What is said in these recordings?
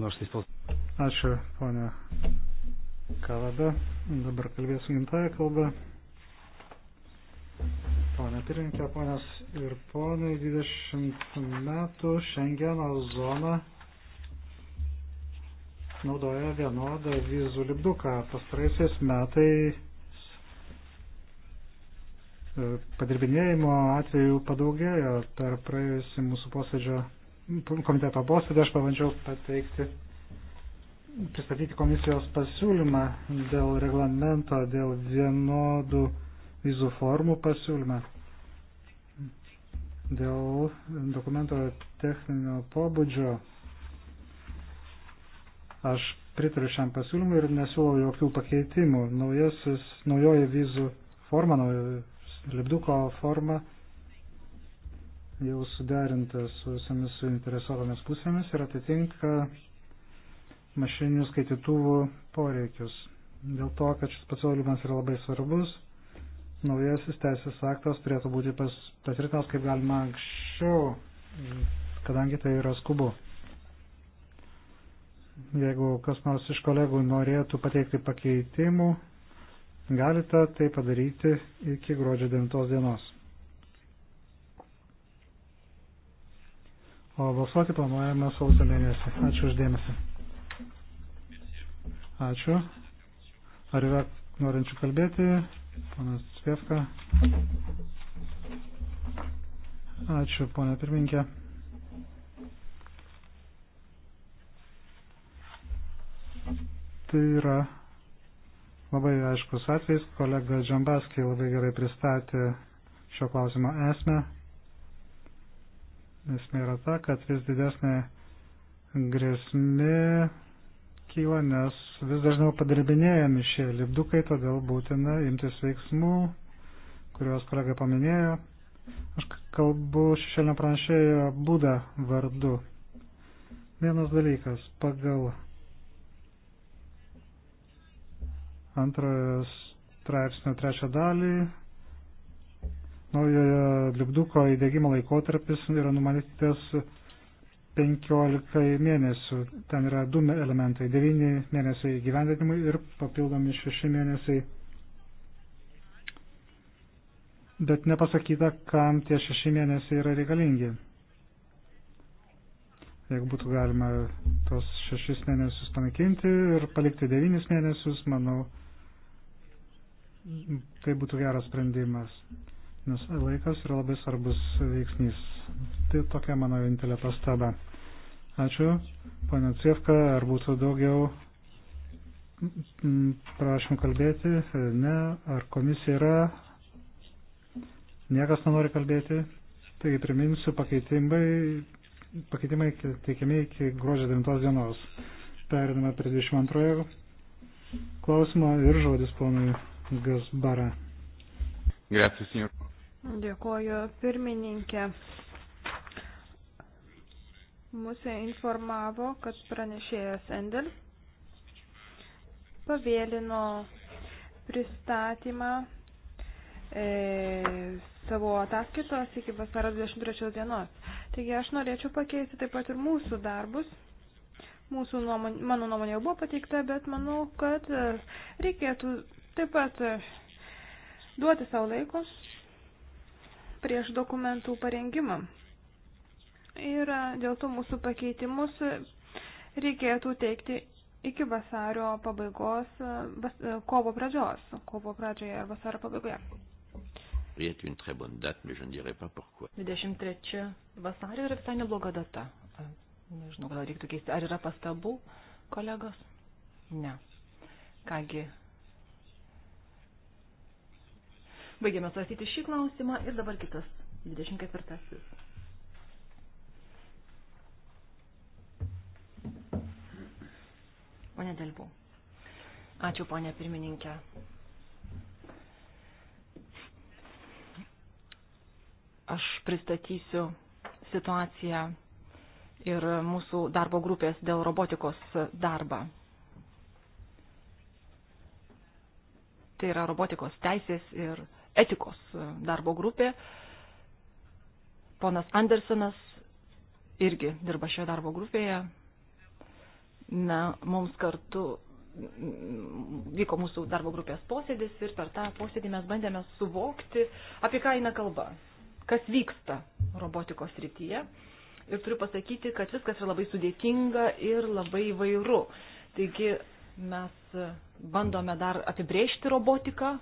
nors jis tos. Ačiū, ponia Kalada. Dabar kalbėsiu gimtają kalbą. Pone pirinkė, ponios ir ponai, 20 metų Šengeno zona naudoja vienodą vizų lipduką. Pastaraisiais metais e, padirbinėjimo atvejų padaugėjo per praėjusį mūsų posėdžio komiteto posėdį aš pabandžiau pateikti, pristatyti komisijos pasiūlymą dėl reglamento, dėl vienodų vizų formų pasiūlymą, dėl dokumento techninio pobūdžio. Aš pritariu šiam pasiūlymui ir nesiūlau jokių pakeitimų. Naujasis, naujoji vizų forma, naujoji lipduko forma jau suderinta su visomis suinteresuotomis pusėmis ir atitinka mašininių skaitytuvų poreikius. Dėl to, kad šis pasiūlymas yra labai svarbus, naujasis teisės aktas turėtų būti patvirtintas kaip galima anksčiau, kadangi tai yra skubu. Jeigu kas nors iš kolegų norėtų pateikti pakeitimų, galite tai padaryti iki gruodžio 9 dienos. o balsuoti planuojame sausio mėnesį. Ačiū uždėmesi. Ačiū. Ar yra norinčių kalbėti? Panas Cvievka. Ačiū, ponė pirminkė. Tai yra labai aiškus atvejs. Kolega Džambaskiai labai gerai pristatė šio klausimo esmę esmė yra ta, kad vis didesnė grėsmė kyla, nes vis dažniau padirbinėjami šie lipdukai, todėl būtina imtis veiksmų, kuriuos kolega paminėjo. Aš kalbu šešėlinio pranešėjo būdą vardu. Vienas dalykas, pagal antrojo straipsnio trečią dalį Naujojo lipduko įdėgymo laikotarpis yra numatytas 15 mėnesių. Ten yra du elementai - 9 mėnesiai gyvendinimui ir papildomi 6 mėnesiai. Bet nepasakyta, kam tie 6 mėnesiai yra reikalingi. Jeigu būtų galima tos 6 mėnesius panaikinti ir palikti 9 mėnesius, manau, tai būtų geras sprendimas nes laikas yra labai svarbus veiksnys. Tai tokia mano vienintelė pastaba. Ačiū, ponia Cievka, ar būtų daugiau mm, prašymų kalbėti? Ne, ar komisija yra? Niekas nenori kalbėti. Taigi priminsiu, pakeitimai, pakeitimai teikiami iki gruodžio 9 dienos. Periname prie 22 klausimo ir žodis ponui Gasbara. Grazie, signor Dėkoju pirmininkė. Mūsų informavo, kad pranešėjas Endel pavėlino pristatymą e, savo ataskaitos iki vasaros 23 dienos. Taigi aš norėčiau pakeisti taip pat ir mūsų darbus. Mūsų nuomonė, mano nuomonė jau buvo pateikta, bet manau, kad e, reikėtų taip pat e, duoti savo laikos prieš dokumentų parengimą. Ir e, dėl to mūsų pakeitimus e, reikėtų teikti iki vasario pabaigos, e, vas, kovo pradžios, kovo pradžioje ar vasario pabaigoje. 23 vasario yra visai nebloga data. Nežinau, gal reiktų keisti. Ar yra pastabų, kolegos? Ne. Kągi, Baigėme svarstyti šį klausimą ir dabar kitas 24. Pone Delbu. Ačiū, ponė pirmininkė. Aš pristatysiu situaciją ir mūsų darbo grupės dėl robotikos darbą. Tai yra robotikos teisės ir robotikos etikos e, darbo grupė. Ponas Andersonas irgi dirba šioje darbo grupėje. Na, mums kartu vyko mūsų darbo grupės posėdis ir per tą posėdį mes bandėme suvokti, apie ką eina kalba, kas vyksta robotikos rytyje. Ir turiu pasakyti, kad viskas yra labai sudėtinga ir labai vairu. Taigi mes e, bandome dar apibrėžti robotiką,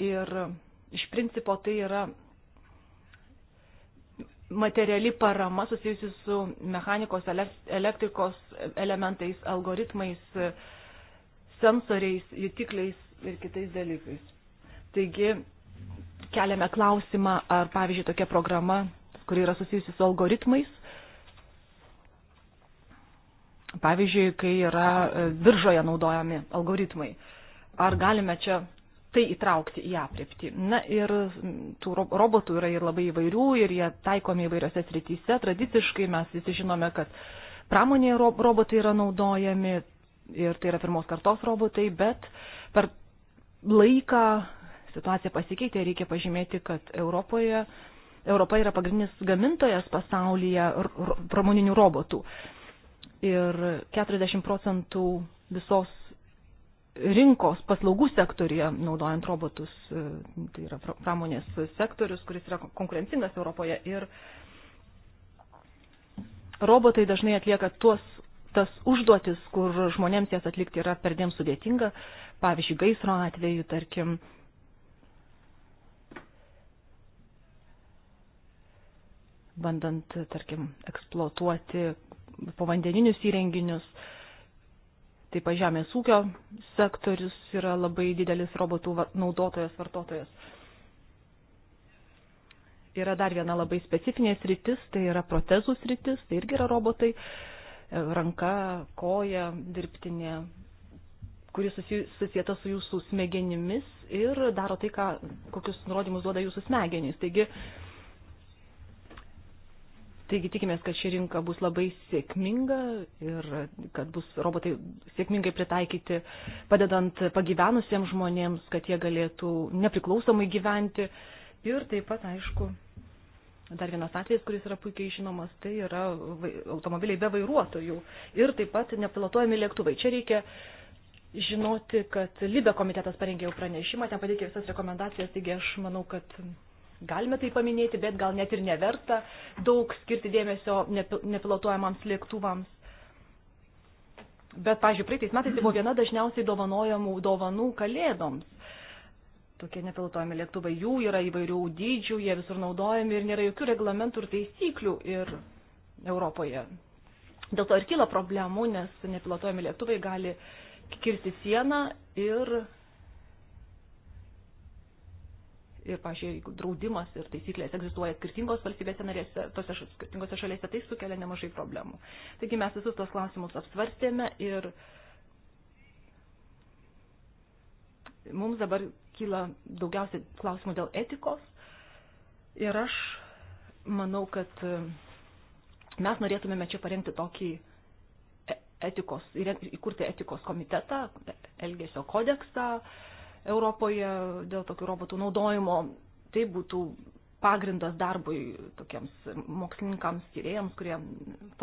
ir iš principo tai yra materiali parama susijusi su mechanikos, elektrikos elementais, algoritmais, sensoriais, jutikliais ir kitais dalykais. Taigi keliame klausimą, ar pavyzdžiui tokia programa, kuri yra susijusi su algoritmais, pavyzdžiui, kai yra e, biržoje naudojami algoritmai, ar galime čia tai įtraukti į aprėptį. Na ir tų robotų yra ir labai įvairių ir jie taikomi įvairiose srityse. Tradiciškai mes visi žinome, kad pramonėje robotai yra naudojami ir tai yra pirmos kartos robotai, bet per laiką situacija pasikeitė, reikia pažymėti, kad Europoje, Europa yra pagrindinis gamintojas pasaulyje pramoninių robotų. Ir 40 procentų visos rinkos paslaugų sektorija, naudojant robotus, e, tai yra pramonės sektorius, kuris yra konkurencingas Europoje ir robotai dažnai atlieka tuos, tas užduotis, kur žmonėms jas atlikti yra perdėm sudėtinga, pavyzdžiui, gaisro atveju, tarkim, bandant, tarkim, eksploatuoti povandeninius įrenginius, uh, Taip pat žemės ūkio sektorius yra labai didelis robotų naudotojas, vartotojas. Yra dar viena labai specifinė sritis, tai yra protezų sritis, tai irgi yra robotai, e, ranka, koja, dirbtinė, kuri susijęta su jūsų smegenimis ir daro tai, ką, kokius nurodymus duoda jūsų smegenys. Taigi Taigi tikimės, kad ši rinka bus labai sėkminga ir kad bus robotai sėkmingai pritaikyti, padedant pagyvenusiems žmonėms, kad jie galėtų nepriklausomai gyventi. Ir taip pat, aišku, dar vienas atvejis, kuris yra puikiai žinomas, tai yra automobiliai be vairuotojų ir taip pat nepilotuojami lėktuvai. Čia reikia žinoti, kad Libe komitetas parengė jau pranešimą, ten pateikė visas rekomendacijas, taigi aš manau, kad galime tai paminėti, bet gal net ir neverta daug skirti dėmesio nepilotuojamams lėktuvams. Bet, pažiūrėjau, praeitais metais tai buvo viena dažniausiai dovanojamų dovanų kalėdoms. Tokie nepilotuojami lėktuvai, jų yra įvairių dydžių, jie visur naudojami ir nėra jokių reglamentų ir taisyklių ir Europoje. Dėl to ir kyla problemų, nes nepilotuojami lėktuvai gali kirsti sieną ir ir, pažiūrėjau, draudimas ir taisyklės egzistuoja skirtingos valstybėse narėse, tose skirtingose šalyse, tai sukelia nemažai problemų. Taigi mes visus tos klausimus apsvarstėme ir mums dabar kyla daugiausiai klausimų dėl etikos ir aš manau, kad mes norėtumėme čia parengti tokį e-, etikos, įkurti etikos komitetą, elgesio kodeksą, Europoje dėl tokių robotų naudojimo. Tai būtų pagrindas darbui tokiems mokslininkams, tyrėjams, kurie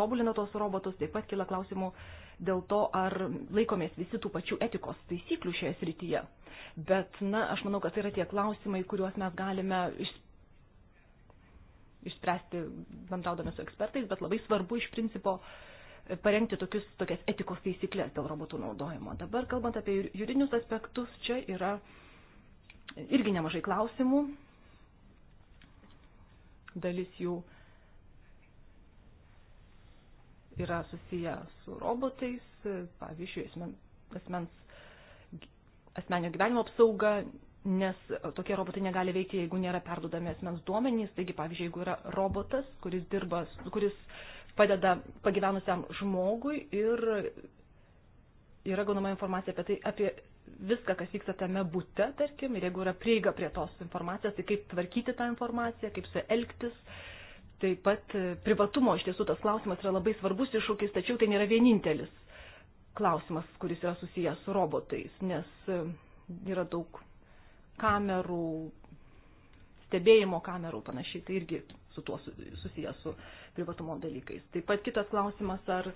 tobulina tos robotus. Taip pat kila klausimų dėl to, ar laikomės visi tų pačių etikos taisyklių šioje srityje. Bet, na, aš manau, kad tai yra tie klausimai, kuriuos mes galime išspręsti bendraudami su ekspertais, bet labai svarbu iš principo uh, parengti tokius, tokias etikos taisyklės dėl robotų naudojimo. Dabar, kalbant apie juridinius aspektus, čia yra irgi nemažai klausimų. Dalis jų yra susiję su robotais, pavyzdžiui, asmen, asmens, asmenio gyvenimo apsauga, nes tokie robotai negali veikti, jeigu nėra perdodami asmens duomenys. Taigi, pavyzdžiui, jeigu yra robotas, kuris dirba, kuris uh, padeda pagyvenusiam žmogui ir yra gaunama informacija apie tai, apie viską, kas vyksta tame būte, tarkim, ir jeigu yra prieiga prie tos informacijos, tai kaip tvarkyti tą informaciją, kaip su elgtis. Taip pat e, privatumo iš tiesų tas klausimas yra labai svarbus iššūkis, tačiau tai nėra vienintelis klausimas, kuris yra susijęs su robotais, nes e, yra daug kamerų, stebėjimo kamerų panašiai, tai irgi su tuo susijęs su privatumo dalykais. Taip pat kitas klausimas, ar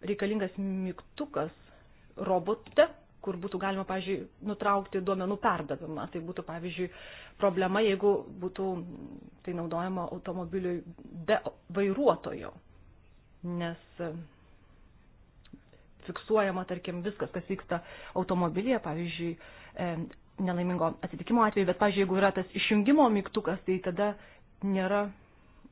reikalingas mygtukas robote, kur būtų galima, pavyzdžiui, nutraukti duomenų perdavimą. Tai būtų, pavyzdžiui, problema, jeigu būtų tai naudojama automobiliui be vairuotojo, nes e, fiksuojama, tarkim, viskas, kas vyksta automobilyje, pavyzdžiui, e, nelaimingo atsitikimo atveju, bet, pažiūrėjau, jeigu yra tas išjungimo mygtukas, tai tada nėra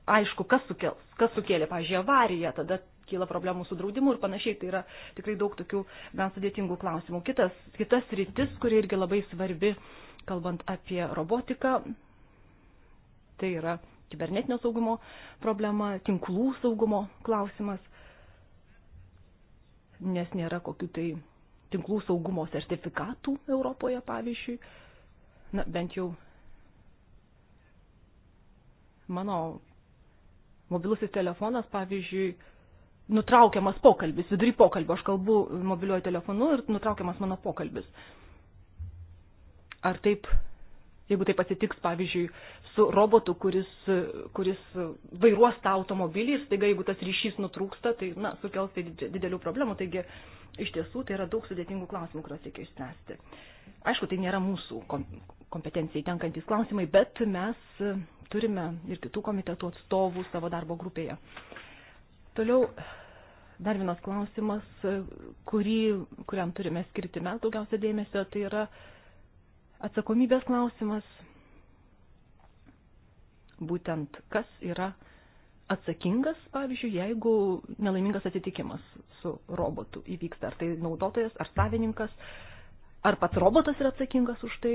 aišku, kas, sukels, kas sukėlė, pažiūrėjau, avariją, tada kyla problemų su draudimu ir panašiai. Tai yra tikrai daug tokių gan sudėtingų klausimų. Kitas, kitas rytis, kuri irgi labai svarbi, kalbant apie robotiką, tai yra kibernetinio saugumo problema, tinklų saugumo klausimas, nes nėra kokių tai tinklų saugumo sertifikatų Europoje, pavyzdžiui. Na, bent jau mano mobilusis telefonas, pavyzdžiui, nutraukiamas pokalbis, vidury pokalbio, aš kalbu mobiliuoju telefonu ir nutraukiamas mano pokalbis. Ar taip, jeigu taip atsitiks, pavyzdžiui, su robotu, kuris, kuris vairuos tą automobilį ir staiga, jeigu tas ryšys nutrūksta, tai, na, sukels tai didelių problemų. Taigi, uh, Iš tiesų, tai yra daug sudėtingų klausimų, kuriuos reikia išspręsti. Aišku, tai nėra mūsų kompetencijai tenkantis klausimai, bet mes e, turime ir kitų komitetų atstovų savo darbo grupėje. Toliau dar vienas klausimas, e, kurį, kuriam turime skirti mes daugiausia dėmesio, tai yra atsakomybės klausimas, būtent kas yra atsakomybės atsakingas, pavyzdžiui, jeigu nelaimingas atsitikimas su robotu įvyksta? Ar tai naudotojas, ar savininkas, ar pats robotas yra atsakingas už tai?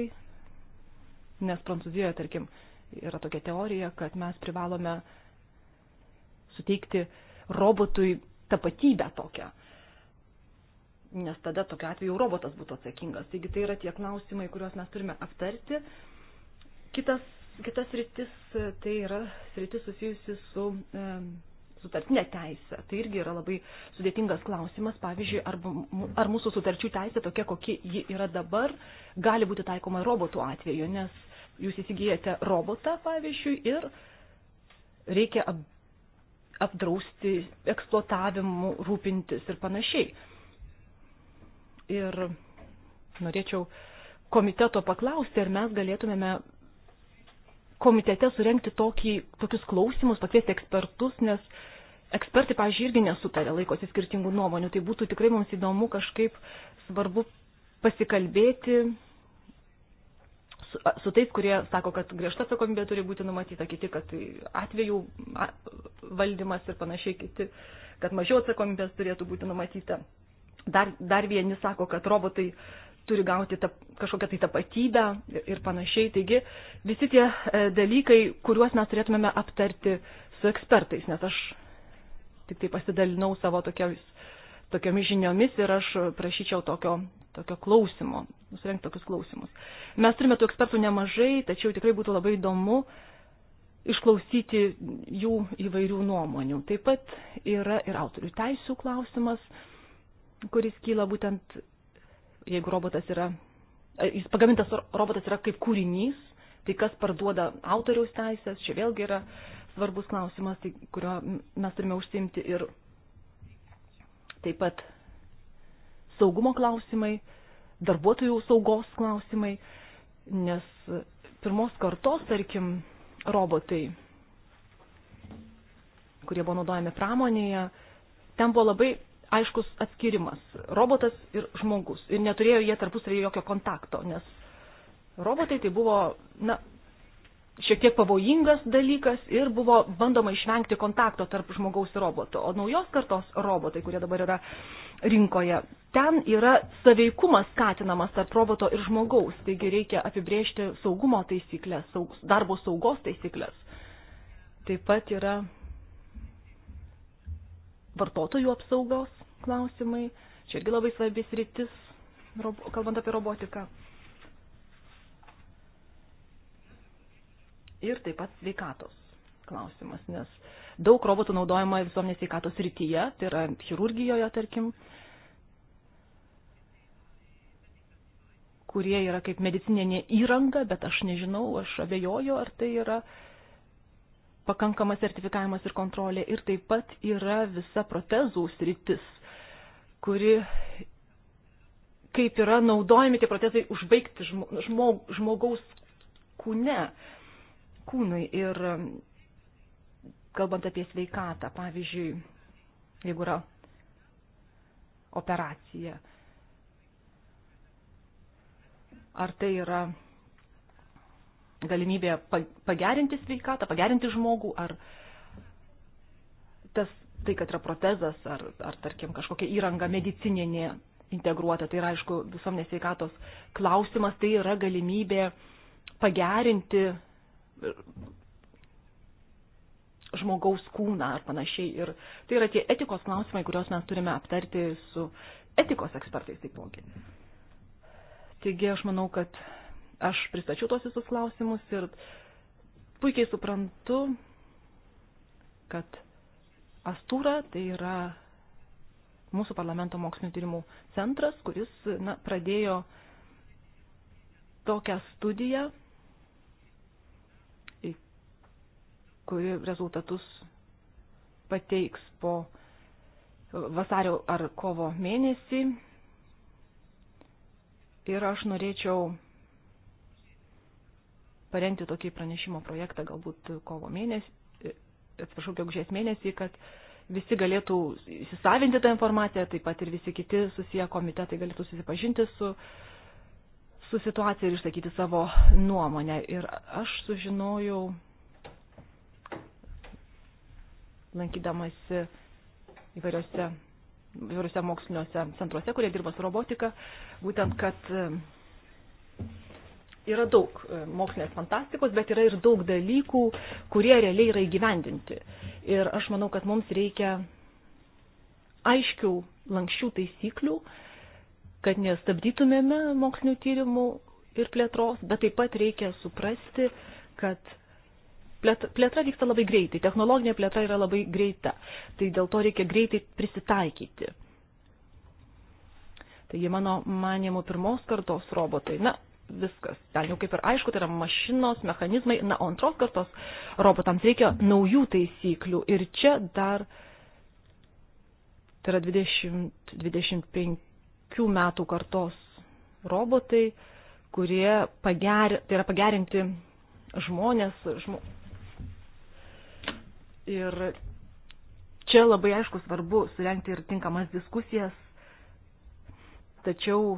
Nes Prancūzijoje, tarkim, yra tokia teorija, kad mes privalome suteikti robotui tapatybę tokią. Nes tada tokiu atveju robotas būtų atsakingas. Taigi tai yra tie klausimai, kuriuos mes turime aptarti. Kitas Kitas rytis tai yra rytis susijusi su e, sutartinė teisė. Tai irgi yra labai sudėtingas klausimas. Pavyzdžiui, ar, ar mūsų sutarčių teisė tokia, kokia ji yra dabar, gali būti taikoma robotų atveju, nes jūs įsigijate robotą, pavyzdžiui, ir reikia ap, apdrausti eksploatavimu, rūpintis ir panašiai. Ir norėčiau komiteto paklausti, ar mes galėtumėme komitete surenkti tokį, tokius klausimus, pakviesti ekspertus, nes ekspertai, pažiūrėjau, irgi nesutarė, laikosi skirtingų nuomonių. Tai būtų tikrai mums įdomu kažkaip svarbu pasikalbėti su, su tais, kurie sako, kad griežta atsakomybė turi būti numatyta, kiti, kad tai atvejų valdymas ir panašiai, kiti, kad mažiau atsakomybės turėtų būti numatyta. Dar, dar vieni sako, kad robotai turi gauti ta, kažkokią tai tapatybę ir, ir panašiai. Taigi visi tie e, dalykai, kuriuos mes turėtumėme aptarti su ekspertais, nes aš tik tai pasidalinau savo tokiamis, tokiamis žiniomis ir aš prašyčiau tokio, tokio klausimo, nusirengti tokius klausimus. Mes turime tų ekspertų nemažai, tačiau tikrai būtų labai įdomu išklausyti jų įvairių nuomonių. Taip pat yra ir autorių teisų klausimas, kuris kyla būtent jeigu robotas yra, e, jis pagamintas robotas yra kaip kūrinys, tai kas parduoda autoriaus teisės, čia vėlgi yra svarbus klausimas, tai kurio mes turime užsimti ir taip pat saugumo klausimai, darbuotojų saugos klausimai, nes pirmos kartos, tarkim, robotai, kurie buvo naudojami pramonėje, ten buvo labai aiškus atskirimas - robotas ir žmogus. Ir neturėjo jie tarpusavį jokio kontakto, nes robotai tai buvo, na, šiek tiek pavojingas dalykas ir buvo bandoma išvengti kontakto tarp žmogaus ir roboto. O naujos kartos robotai, kurie dabar yra rinkoje, ten yra saveikumas skatinamas tarp roboto ir žmogaus. Taigi reikia apibriežti saugumo taisyklės, saug, darbo saugos taisyklės. Taip pat yra vartotojų apsaugos klausimai, čia irgi labai svarbis rytis, kalbant apie robotiką. Ir taip pat sveikatos klausimas, nes daug robotų naudojama visuomenės sveikatos rytyje, tai yra chirurgijoje, tarkim, kurie yra kaip medicininė įranga, bet aš nežinau, aš abejoju, ar tai yra uh, pakankamas sertifikavimas ir kontrolė ir taip pat yra visa protezų sritis, kuri kaip yra naudojami tie protezai užbaigti žmog, žmogaus kūne, kūnui ir um, kalbant apie sveikatą, pavyzdžiui, jeigu yra operacija, ar tai yra galimybė pagerinti sveikatą, pagerinti žmogų, ar tas, tai, kad yra protezas, ar, ar tarkim, kažkokia įranga medicininė integruota, tai yra, aišku, visuomenės sveikatos klausimas, tai yra galimybė pagerinti žmogaus kūną ar panašiai. Ir tai yra tie etikos klausimai, kuriuos mes turime aptarti su etikos ekspertais taipogi. Taigi aš manau, kad Aš pristačiau tos visus klausimus ir puikiai suprantu, kad Astūra tai yra mūsų parlamento mokslinio tyrimų centras, kuris na, pradėjo tokią studiją, kuri rezultatus pateiks po vasario ar kovo mėnesį. Ir aš norėčiau parengti tokį pranešimo projektą galbūt kovo mėnesį, e, atsiprašau, gegužės mėnesį, kad visi galėtų įsisavinti tą informaciją, taip pat ir visi kiti susiję komitetai galėtų susipažinti su, su situacija ir išsakyti savo nuomonę. Ir aš sužinojau, lankydamasi įvairiose, įvairiose moksliniuose centruose, kurie dirba su robotika, būtent, kad yra daug e, mokslinės fantastikos, bet yra ir daug dalykų, kurie realiai yra įgyvendinti. Ir aš manau, kad mums reikia aiškių, lankščių taisyklių, kad nestabdytumėme mokslinių tyrimų ir plėtros, bet taip pat reikia suprasti, kad plėtra vyksta labai greitai, technologinė plėtra yra labai greita, tai dėl to reikia greitai prisitaikyti. Taigi mano manimo pirmos kartos robotai, na, viskas. Ten jau kaip ir aišku, tai yra mašinos, mechanizmai. Na, o antros kartos robotams reikia naujų taisyklių. Ir čia dar, tai yra 20-25 metų kartos robotai, kurie pager, tai yra pagerinti žmonės. Žmo... Ir čia labai aišku svarbu surenkti ir tinkamas diskusijas. Tačiau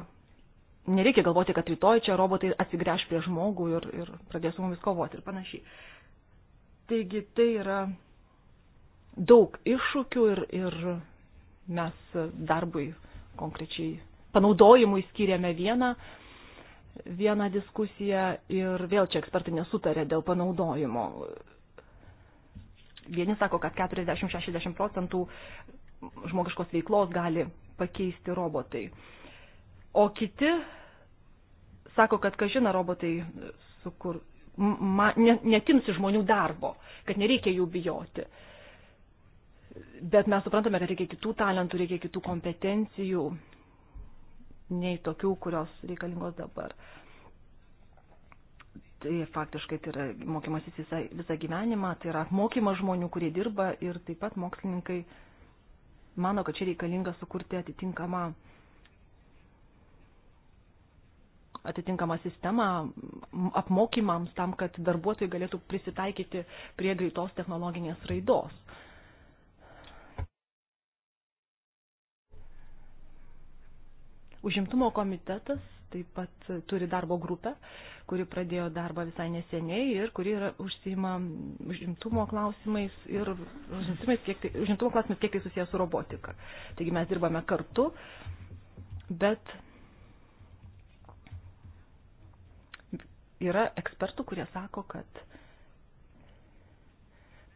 nereikia galvoti, kad rytoj čia robotai atsigręš prie žmogų ir, ir pradės su mumis kovoti ir panašiai. Taigi tai yra daug iššūkių ir, ir mes darbui konkrečiai panaudojimui skiriame vieną, vieną diskusiją ir vėl čia ekspertai nesutarė dėl panaudojimo. Vieni sako, kad 40-60 procentų žmogiškos veiklos gali pakeisti robotai O kiti sako, kad kažina robotai sukur, ma, ne, netimsi žmonių darbo, kad nereikia jų bijoti. Bet mes suprantame, kad reikia kitų talentų, reikia kitų kompetencijų, nei tokių, kurios reikalingos dabar. Tai faktiškai tai yra mokymasis visą, visą gyvenimą, tai yra apmokymas žmonių, kurie dirba ir taip pat mokslininkai mano, kad čia reikalinga sukurti atitinkamą uh, atitinkamą sistemą apmokymams tam, kad darbuotojai galėtų prisitaikyti prie greitos technologinės raidos. Užimtumo komitetas taip pat turi darbo grupę, kuri pradėjo darbą visai neseniai ir kuri yra užsima užimtumo klausimais ir užimtumais kiek tai, užimtumo klausimais kiek tai susijęs su robotika. Taigi mes dirbame kartu, bet yra ekspertų, kurie sako, kad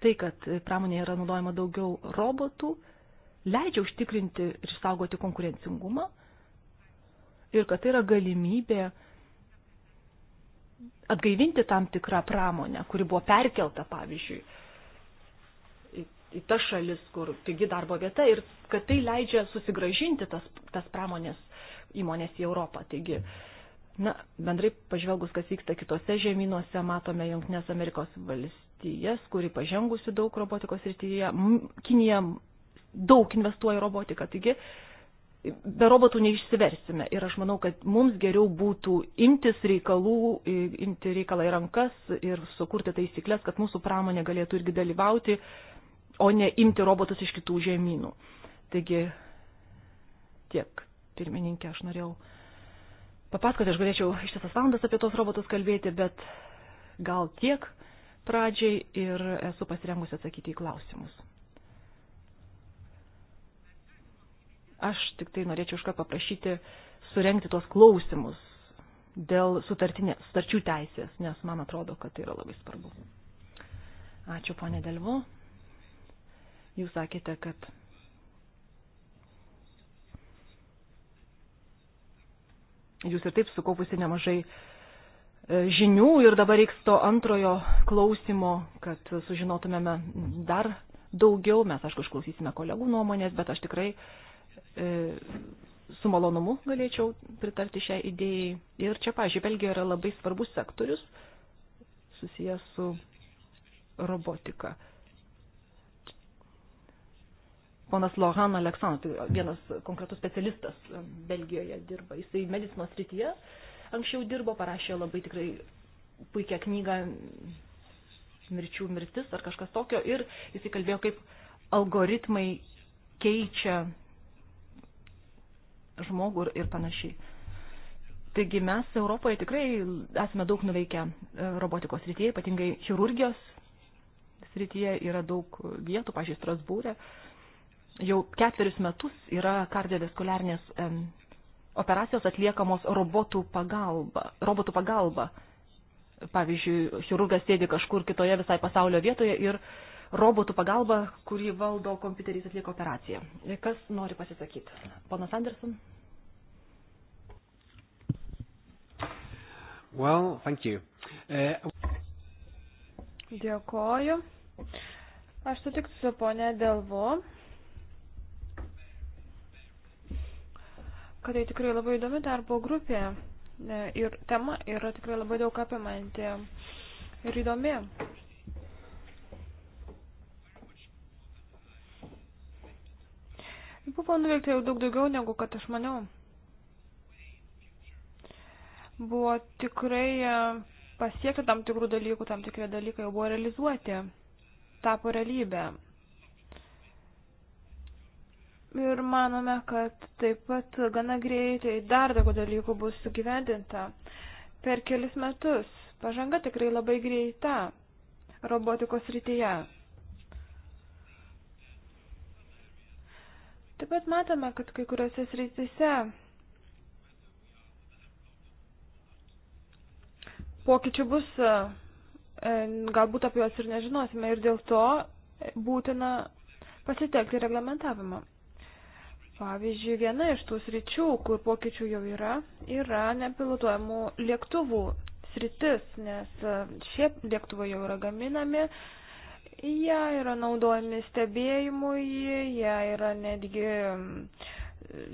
tai, kad pramonėje yra naudojama daugiau robotų, leidžia užtikrinti ir saugoti konkurencingumą ir kad tai yra galimybė atgaivinti tam tikrą pramonę, kuri buvo perkelta, pavyzdžiui, į, į tas šalis, kur pigi darbo vieta ir kad tai leidžia susigražinti tas, tas pramonės įmonės į Europą. Taigi, mm Na, bendrai pažvelgus, kas vyksta kitose žemynuose, matome Junktinės Amerikos valstijas, kuri pažengusi daug robotikos rytyje, Kinija daug investuoja į robotiką, taigi be robotų neišsiversime. Ir aš manau, kad mums geriau būtų imtis reikalų, imti reikalą į rankas ir sukurti taisyklės, kad mūsų pramonė galėtų irgi dalyvauti, o ne imti robotus iš kitų žemynų. Taigi tiek, pirmininkė, aš norėjau papasakoti, aš galėčiau ištisas valandas apie tos robotus kalbėti, bet gal tiek pradžiai ir esu pasirengusi atsakyti į klausimus. Aš tik tai norėčiau išką paprašyti surenkti tos klausimus dėl sutartinės, sutarčių teisės, nes man atrodo, kad tai yra labai svarbu. Ačiū, ponė Delvo. Jūs sakėte, kad jūs ir taip sukaupusi nemažai e, žinių ir dabar reiks to antrojo klausimo, kad sužinotumėme dar daugiau. Mes, aišku, išklausysime kolegų nuomonės, bet aš tikrai e, su malonumu galėčiau pritarti šiai idėjai. Ir čia, pažiūrėjau, Belgija yra labai svarbus sektorius susijęs su robotika ponas Lohan Aleksandr, tai vienas konkretus specialistas Belgijoje dirba. Jisai medicinos srityje anksčiau dirbo, parašė labai tikrai puikią knygą Mirčių mirtis ar kažkas tokio ir jisai kalbėjo, kaip algoritmai keičia žmogų ir panašiai. Taigi mes Europoje tikrai esame daug nuveikę e, robotikos srityje, ypatingai chirurgijos srityje yra daug vietų, pažiūrėjau, Strasbūrė, e jau ketverius metus yra kardiovaskuliarnės operacijos atliekamos robotų pagalba. Robotų pagalba. Pavyzdžiui, chirurgas sėdi kažkur kitoje visai pasaulio vietoje ir robotų pagalba, kurį valdo kompiuteris atlieka operaciją. Kas nori pasisakyti? Ponas Anderson? Well, thank you. Uh... Dėkoju. Aš sutiksiu ponę Delvo kad tai tikrai labai įdomi darbo grupė e, ir tema yra tikrai labai daug apimanti ir įdomi. Buvo nuveikta jau daug daugiau negu kad aš maniau. Buvo tikrai e, pasiekta tam tikrų dalykų, tam tikri dalykai jau buvo realizuoti, tapo realybę. Ir manome, kad taip pat gana greitai dar daugiau dalykų bus sugyvendinta. Per kelis metus pažanga tikrai labai greita robotikos rytyje. Taip pat matome, kad kai kuriuose srityse pokyčių bus, e, galbūt apie juos ir nežinosime ir dėl to būtina pasitekti reglamentavimą. Pavyzdžiui, viena iš tų sričių, kur pokyčių jau yra, yra nepilotuojamų lėktuvų sritis, nes e, šie lėktuvai jau yra gaminami, jie yra naudojami stebėjimui, jie yra netgi,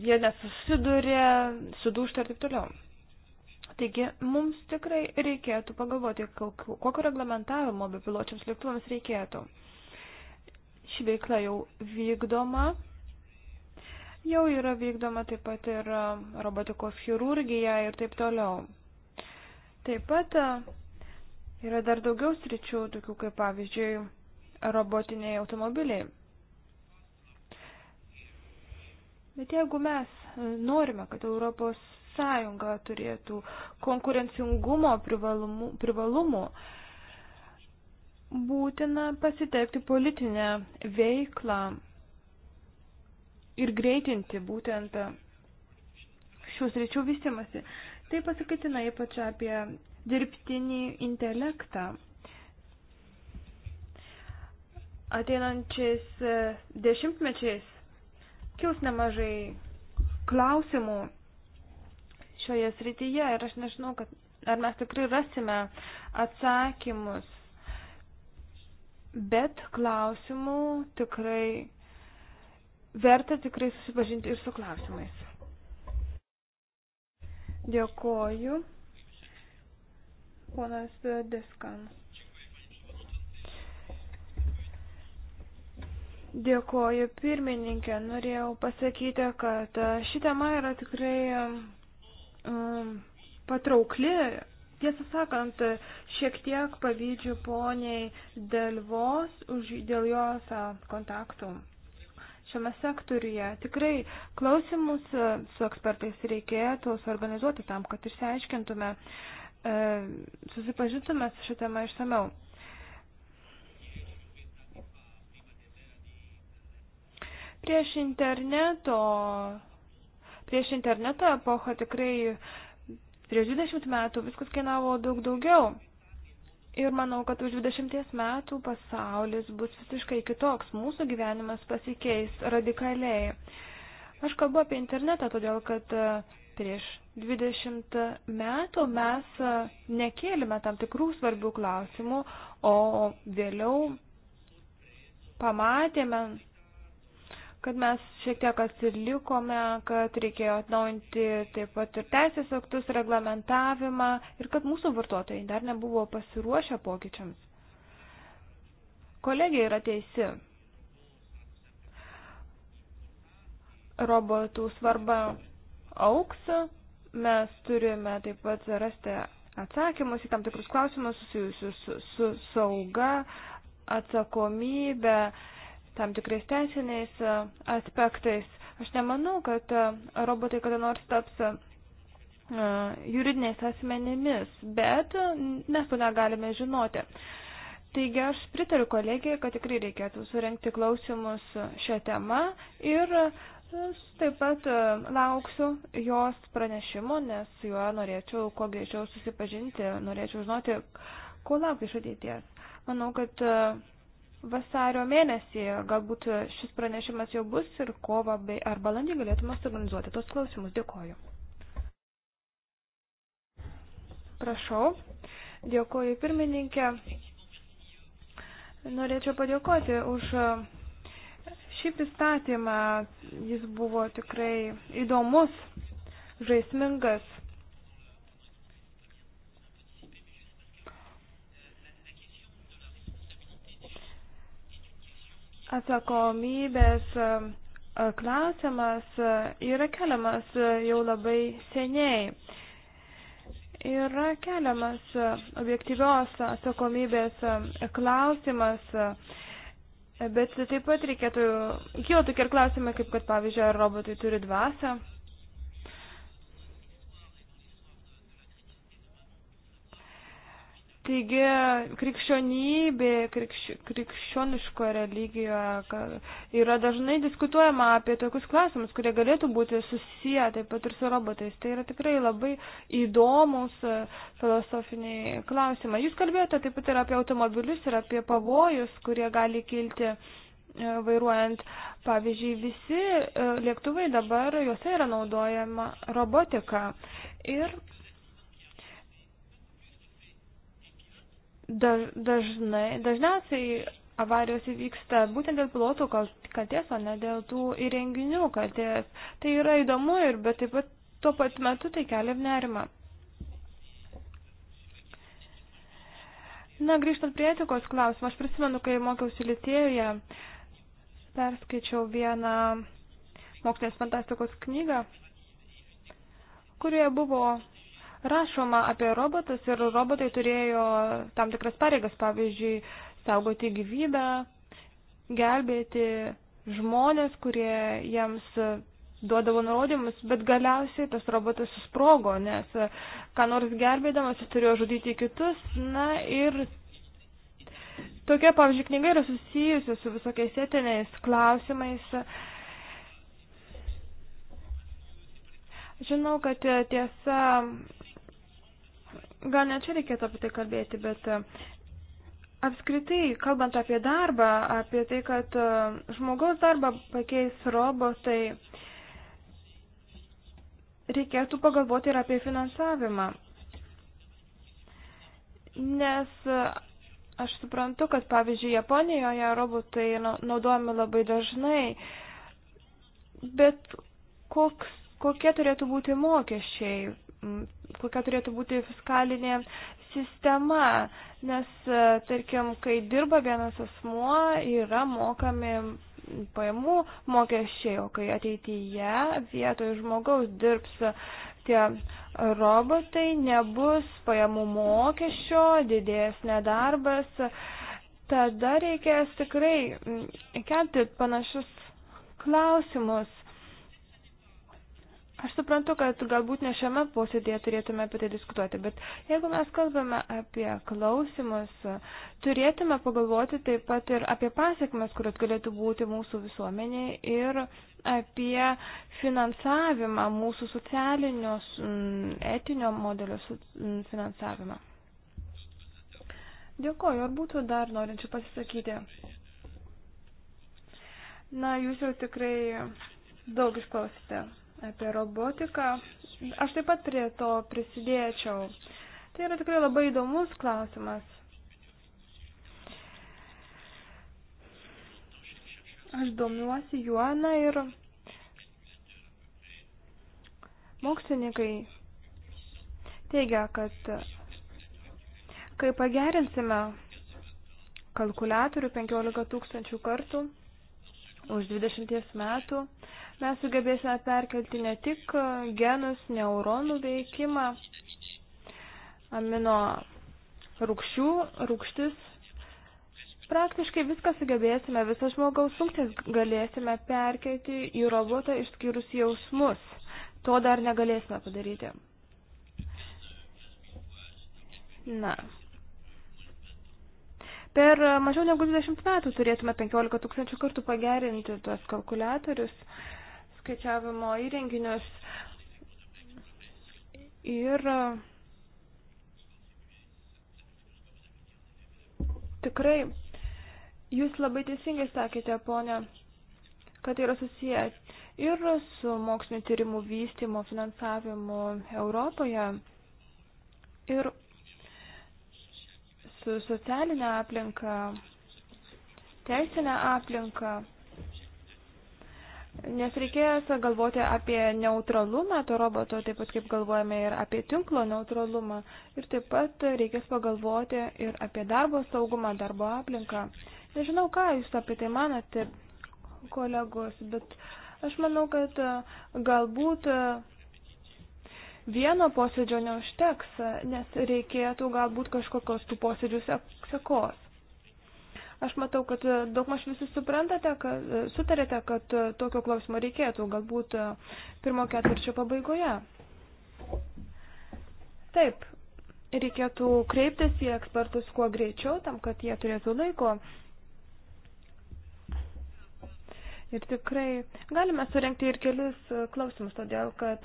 jie nesusiduria, sudūšta ir taip toliau. Taigi, mums tikrai reikėtų pagalvoti, kokio reglamentavimo bepiločiams lėktuvams reikėtų. Ši veikla jau vykdoma Jau yra vykdoma taip pat ir robotikos chirurgija ir taip toliau. Taip pat yra dar daugiau sričių, tokių kaip pavyzdžiui robotiniai automobiliai. Bet jeigu mes norime, kad Europos Sąjunga turėtų konkurencingumo privalumų, privalumų būtina pasitelkti politinę veiklą ir greitinti būtent šių sričių vystimasi. Tai pasakytina ypač apie dirbtinį intelektą. Ateinančiais e, dešimtmečiais kils nemažai klausimų šioje srityje ir aš nežinau, kad, ar mes tikrai rasime atsakymus, bet klausimų tikrai verta tikrai susipažinti ir su klausimais. Dėkoju. Ponas Deskan. Dėkoju pirmininkė. Norėjau pasakyti, kad ši tema yra tikrai um, patraukli. Tiesą sakant, šiek tiek pavydžiu poniai Delvos už, dėl jos kontaktų šiame sektoriuje. Tikrai klausimus e, su ekspertais reikėtų suorganizuoti tam, kad išsiaiškintume, e, susipažintume su šitą temą išsameu. Prieš interneto, prieš interneto epochą tikrai prieš 20 metų viskas kainavo daug daugiau. Ir manau, kad už 20 metų pasaulis bus visiškai kitoks, mūsų gyvenimas pasikeis radikaliai. Aš kalbu apie internetą, todėl kad e, prieš 20 metų mes e, nekėlėme tam tikrų svarbių klausimų, o vėliau pamatėme, kad mes šiek tiek atsilikome, kad reikėjo atnaujinti taip pat ir teisės aktus, reglamentavimą ir kad mūsų vartotojai dar nebuvo pasiruošę pokyčiams. Kolegija yra teisi. Robotų svarba auks, mes turime taip pat rasti atsakymus į tam tikrus klausimus susijusius su, su sauga, atsakomybė, uh, tam tikrais teisiniais e, aspektais. Aš nemanau, kad e, robotai kada nors taps e, juridiniais asmenimis, bet mes to negalime žinoti. Taigi aš pritariu kolegijai, kad tikrai reikėtų surenkti klausimus šią temą ir taip pat lauksiu jos pranešimo, nes su juo norėčiau kuo greičiau susipažinti, norėčiau žinoti, ko laukti iš ateities. Manau, kad vasario mėnesį. Galbūt šis pranešimas jau bus ir kovą bei ar balandį galėtume suorganizuoti tos klausimus. Dėkoju. Prašau. Dėkoju pirmininkė. Norėčiau padėkoti už e, šį pristatymą. Jis buvo tikrai įdomus, žaismingas. atsakomybės e, klausimas e, yra keliamas e, jau labai seniai. Yra keliamas objektyvios atsakomybės klausimas, bet taip pat reikėtų, kyla tokie klausimai, kaip kad pavyzdžiui, ar robotai turi dvasę. Taigi krikščionybė, krikš, krikščioniško religijoje yra dažnai diskutuojama apie tokius klausimus, kurie galėtų būti susiję taip pat ir su robotais. Tai yra tikrai labai įdomus e, filosofiniai klausimai. Jūs kalbėjote taip pat ir apie automobilius ir apie pavojus, kurie gali kilti e, vairuojant. Pavyzdžiui, visi e, lėktuvai dabar juose yra naudojama robotika. Ir daž, dažnai, dažniausiai avarijos įvyksta būtent dėl pilotų kalties, o ne dėl tų įrenginių kalties. Tai yra įdomu ir bet taip pat tuo pat metu tai kelia nerimą. Na, grįžtant prie etikos klausimą, aš prisimenu, kai mokiausi Litėjoje, perskaičiau vieną mokslinės fantastikos knygą, kurioje buvo rašoma apie robotus ir robotai turėjo tam tikras pareigas, pavyzdžiui, saugoti gyvybę, gelbėti žmonės, kurie jiems duodavo nurodymus, bet galiausiai tas robotas susprogo, nes ką nors gelbėdamas jis turėjo žudyti kitus, na ir tokia, pavyzdžiui, knyga yra susijusi su visokiais etiniais klausimais. Žinau, kad tiesa Gal ne čia reikėtų apie tai kalbėti, bet e, apskritai, kalbant apie darbą, apie tai, kad e, žmogaus darbą pakeis robotai, reikėtų pagalvoti ir apie finansavimą. Nes e, aš suprantu, kad pavyzdžiui Japonijoje robotai naudojami labai dažnai, bet koks, kokie turėtų būti mokesčiai Mm, kokia turėtų būti fiskalinė sistema, nes, e, tarkim, kai dirba vienas asmuo, yra mokami pajamų mokesčiai, o kai ateityje vietoj žmogaus dirbs tie robotai, nebus pajamų mokesčio, didės nedarbas, tada reikės tikrai mm, kelti panašius klausimus Aš suprantu, kad galbūt ne šiame posėdėje turėtume apie tai diskutuoti, bet jeigu mes kalbame apie klausimus, turėtume pagalvoti taip pat ir apie pasiekmes, kurios galėtų būti mūsų visuomeniai ir apie finansavimą, mūsų socialinio, mm, etinio modelio mm, finansavimą. Dėkoju, ar būtų dar norinčių pasisakyti? Na, jūs jau tikrai daug išklausite apie robotiką. Aš taip pat prie to prisidėčiau. Tai yra tikrai labai įdomus klausimas. Aš domiuosi Juana ir mokslininkai teigia, kad kai pagerinsime kalkulatorių 15 tūkstančių kartų už 20 metų, mes sugebėsime perkelti ne tik genus, neuronų veikimą, amino rūkščių, rūkštis. Praktiškai viską sugebėsime, visas žmogaus funkcijas galėsime perkelti į robotą išskyrus jausmus. To dar negalėsime padaryti. Na. Per mažiau negu 20 metų turėtume 15 tūkstančių kartų pagerinti tuos kalkulatorius. Uh, skaičiavimo įrenginius ir e, tikrai jūs labai teisingai sakėte, ponė, kad yra susiję ir su mokslinio tyrimų vystymo finansavimu Europoje ir su socialinė aplinka, teisinė aplinka nes reikės galvoti apie neutralumą to roboto, taip pat kaip galvojame ir apie tinklo neutralumą. Ir taip pat reikės pagalvoti ir apie darbo saugumą, darbo aplinką. Nežinau, ką jūs apie tai manote, kolegos, bet aš manau, kad uh, galbūt uh, vieno posėdžio neužteks, nes reikėtų galbūt kažkokios tų posėdžių sekos. Aš matau, kad e, daugmaž visi suprantate, kad e, sutarėte, kad e, tokio klausimo reikėtų galbūt pirmo ketvirčio pabaigoje. Taip, reikėtų kreiptis į ekspertus kuo greičiau, tam, kad jie turėtų laiko. Ir tikrai galime surenkti ir kelius klausimus, todėl kad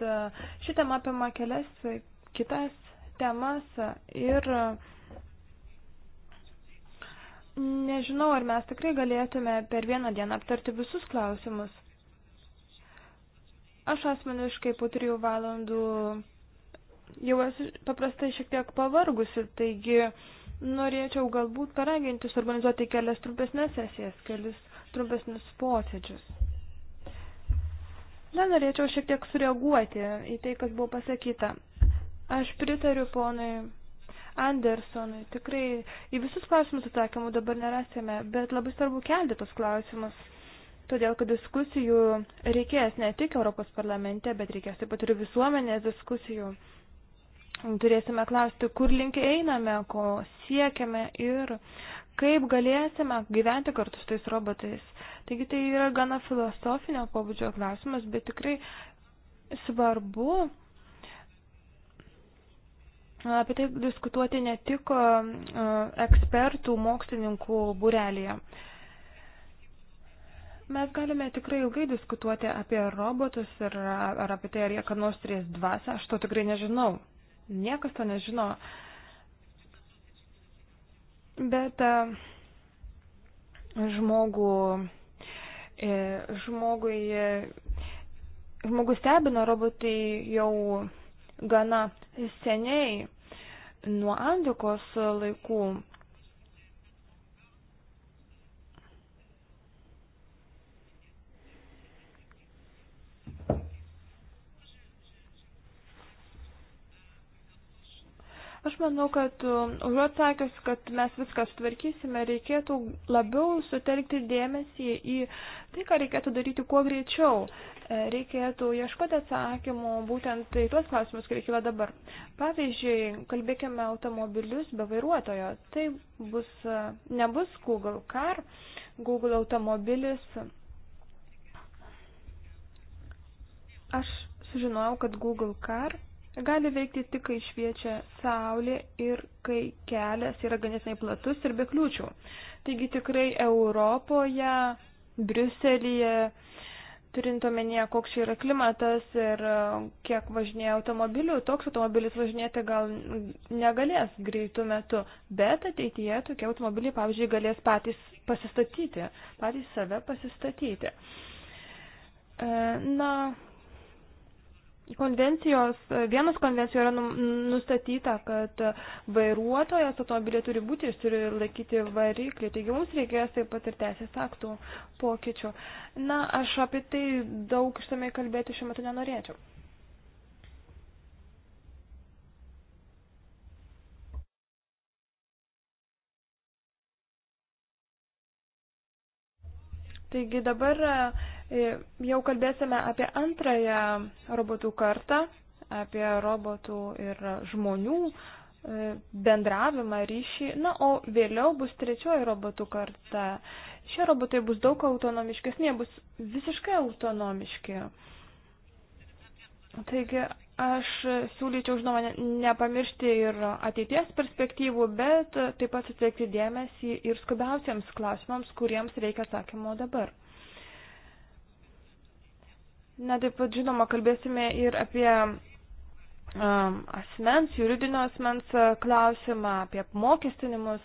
šitą apima kelias kitas temas ir uh, Nežinau, ar mes tikrai galėtume per vieną dieną aptarti visus klausimus. Aš asmeniškai po trijų valandų jau esu paprastai šiek tiek pavargusi, taigi norėčiau galbūt paraginti suorganizuoti kelias trumpesnės sesijas, kelias trumpesnius posėdžius. Na, norėčiau šiek tiek sureaguoti į tai, kas buvo pasakyta. Aš pritariu ponui Andersonui. Tikrai į visus klausimus atsakymų dabar nerasime, bet labai svarbu kelti tos klausimus. Todėl, kad diskusijų reikės ne tik Europos parlamente, bet reikės taip pat ir visuomenės diskusijų. Turėsime klausti, kur link einame, ko siekiame ir kaip galėsime gyventi kartu su tais robotais. Taigi tai yra gana filosofinio pobūdžio klausimas, bet tikrai svarbu apie tai diskutuoti ne tik e, e, ekspertų, mokslininkų būrelėje. Mes galime tikrai ilgai diskutuoti apie robotus ir ar apie tai, ar jie ką nors turės dvasę, aš to tikrai nežinau. Niekas to nežino. Bet e, žmogų, žmogui, žmogus stebina robotai jau gana seniai nuo antikos laikų. Aš manau, kad um, užuot sakęs, kad mes viską sutvarkysime, reikėtų labiau sutelkti dėmesį į tai, ką reikėtų daryti kuo greičiau. E, reikėtų ieškoti atsakymų būtent į tuos klausimus, kurie kyla dabar. Pavyzdžiui, kalbėkime automobilius be vairuotojo. Tai bus, e, nebus Google Car, Google automobilis. Aš sužinojau, kad Google Car gali veikti tik, kai šviečia saulė ir kai kelias yra ganėtinai platus ir be kliūčių. Taigi tikrai Europoje, Briuselėje, turint omenyje, koks čia yra klimatas ir e, kiek važinėja automobilių, toks automobilis važinėti gal negalės greitų metų, bet ateityje tokie automobiliai, pavyzdžiui, galės patys pasistatyti, patys save pasistatyti. E, na, Konvencijos, vienas konvencijų yra nustatyta, kad vairuotojas automobilė turi būti, jis turi laikyti variklį, taigi mums reikės taip pat ir teisės aktų pokyčių. Na, aš apie tai daug išsamei kalbėti šiuo metu nenorėčiau. Taigi dabar E, jau kalbėsime apie antrąją robotų kartą, apie robotų ir žmonių e, bendravimą, ryšį. Na, o vėliau bus trečioji robotų karta. Šie robotai bus daug autonomiškesni, bus visiškai autonomiški. Taigi, aš siūlyčiau, žinoma, nepamiršti ir ateities perspektyvų, bet taip pat sutelkti dėmesį ir skubiausiams klausimams, kuriems reikia atsakymo dabar. Na, taip pat žinoma, kalbėsime ir apie um, asmens, juridinio asmens uh, klausimą, apie apmokestinimus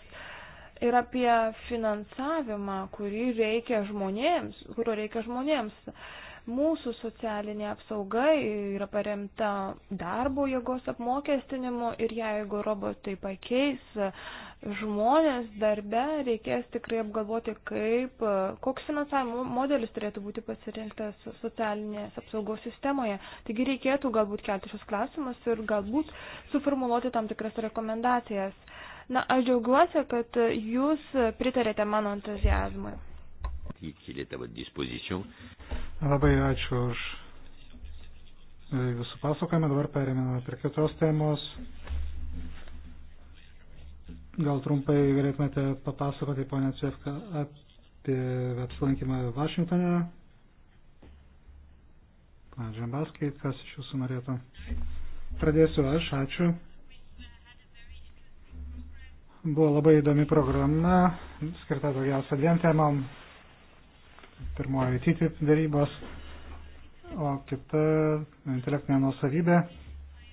ir apie finansavimą, kurį reikia žmonėms, kurio reikia žmonėms. Mūsų socialinė apsauga yra paremta darbo jėgos apmokestinimu ir jeigu robotai pakeis žmonės darbe reikės tikrai apgalvoti, kaip, e, koks finansavimo modelis turėtų būti pasirinktas socialinės apsaugos sistemoje. Taigi reikėtų galbūt kelti šios klausimus ir galbūt suformuoluoti tam tikras rekomendacijas. Na, aš džiaugiuosi, kad jūs pritarėte mano entuzijazmui. Labai ačiū už jūsų pasakojimą. Dabar perėmėme prie kitos temos. Gal trumpai galėtumėte papasakoti, ponia Cvefka, apie apsilankymą Vašingtone. Pana Džambaskai, kas iš jūsų norėtų? Pradėsiu aš, ačiū. Buvo labai įdomi programa, skirta daugiausia dviem temam. Pirmoji TTIP darybos, o kita intelektinė nusavybė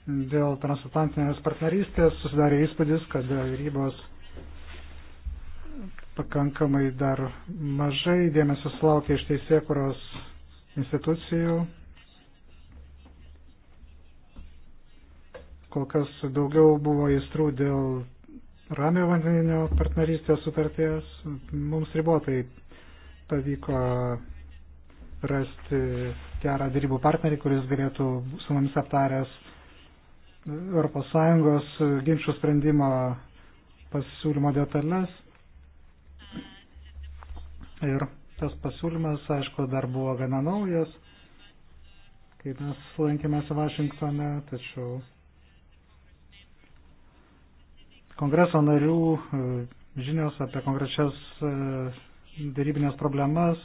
dėl transatlantinės partnerystės susidarė įspūdis, kad rybos pakankamai dar mažai dėmesio sulaukia iš teisėkuros institucijų. Kol kas daugiau buvo įstrų dėl ramio vandeninio partnerystės sutarties. Mums ribotai pavyko rasti gerą darybų partnerį, kuris galėtų su mumis aptaręs ES ginčių sprendimo pasiūlymo detalės. Ir tas pasiūlymas, aišku, dar buvo gana naujas, kai mes lankėmės Vašingtone, tačiau kongreso narių e, žinios apie konkrečias e, dėrybinės problemas,